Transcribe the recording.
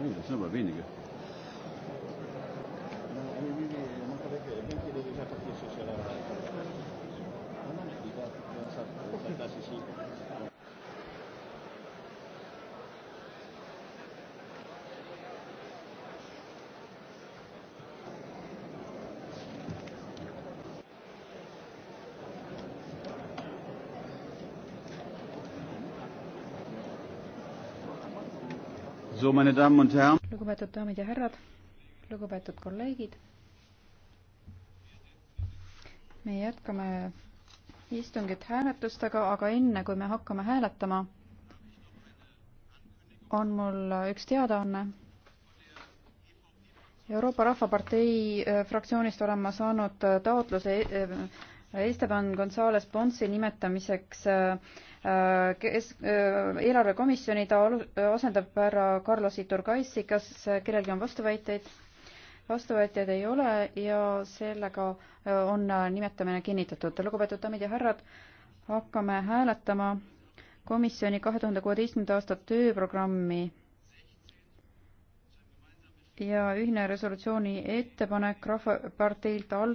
Nee, das sind aber wenige. lugupeetud daamid ja härrad, lugupeetud kolleegid. me jätkame istungit hääletustega, aga enne kui me hakkame hääletama, on mul üks teadaanne. Euroopa Rahvapartei eh, fraktsioonist olen ma saanud eh, taotluse eh, Esteban Gonzalez Ponsi nimetamiseks äh, äh, kes, äh, eelarvekomisjoni, ta asendab härra Carlos Iturgaisi, kas kellelgi on vastuväiteid? vastuväiteid ei ole ja sellega on nimetamine kinnitatud. lugupeetud daamid ja härrad, hakkame hääletama komisjoni kahe tuhande kuueteistkümnenda aasta tööprogrammi ja ühine resolutsiooni ettepanek Rahvaparteilt al-.